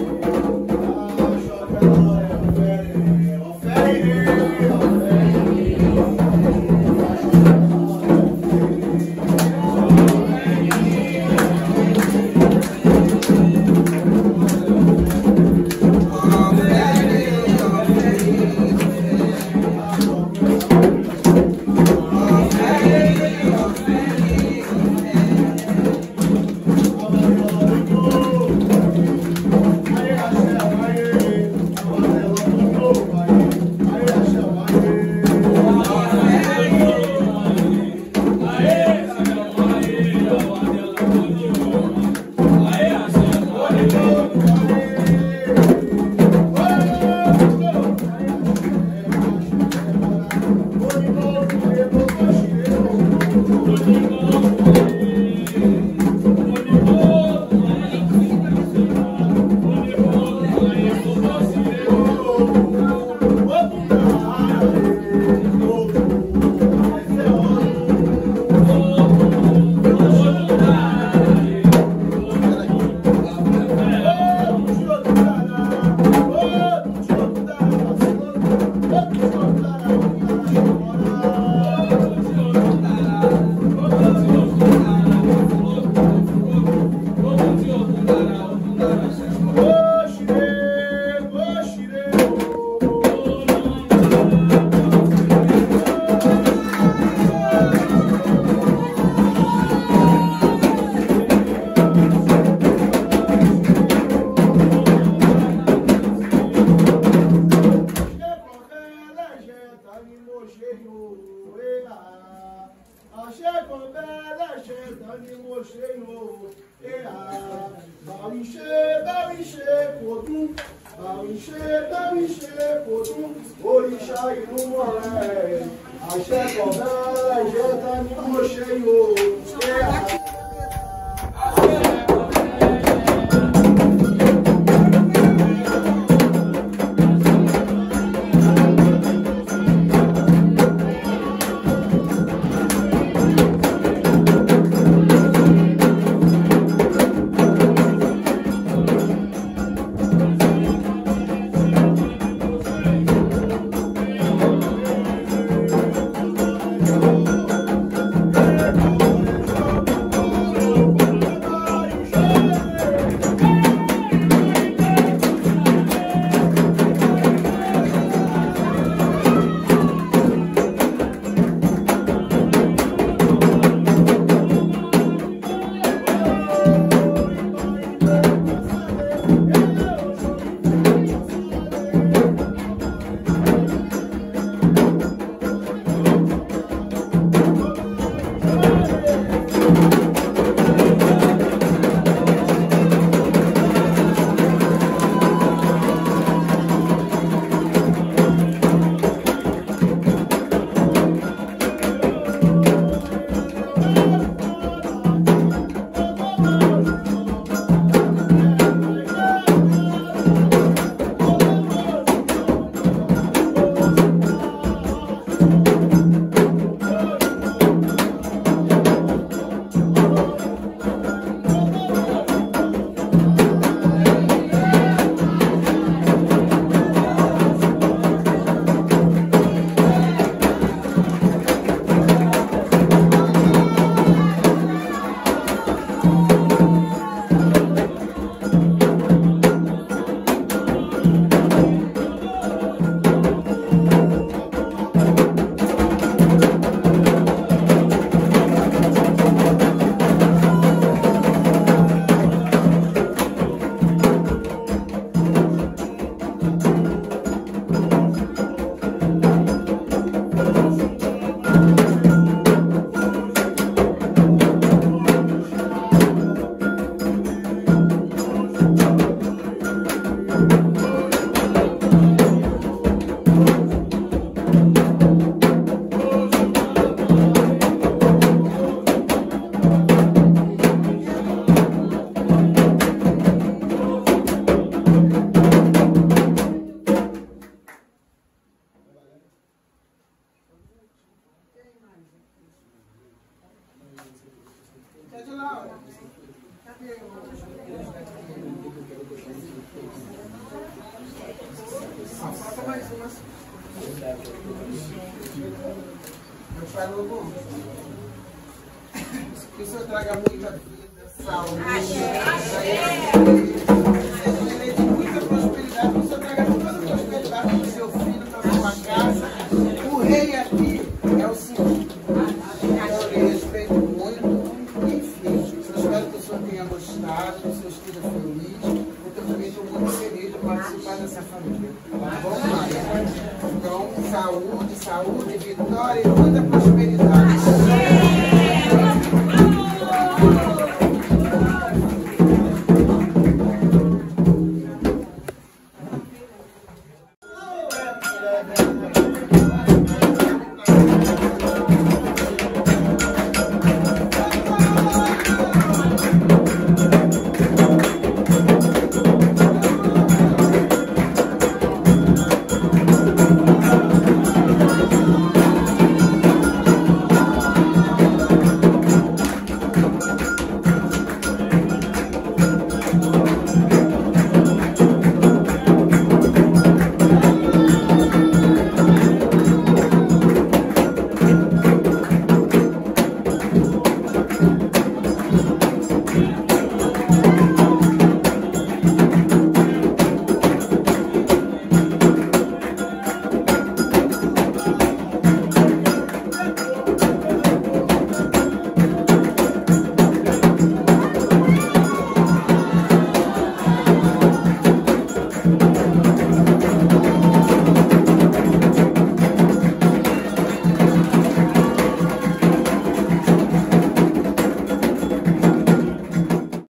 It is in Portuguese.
Thank you. ìṣe tẹ́bí ṣe kò tún òrìṣà ìlú mọ̀rẹ́ àṣẹ kọ̀ọ̀bẹ́ ẹ̀ṣẹ̀ tẹ́ni ó ṣe yòó. Mas falou bom. Que o Senhor traga muita vida, saúde. de Muita prosperidade. Que o Senhor traga muita prosperidade para o seu filho, para a sua casa. O rei aqui é o Senhor. Eu lhe respeito muito. Enfim, eu espero que o Senhor tenha gostado, que o Senhor esteja feliz participar dessa família. Tá bom? Então, saúde, saúde, vitória e muita prosperidade.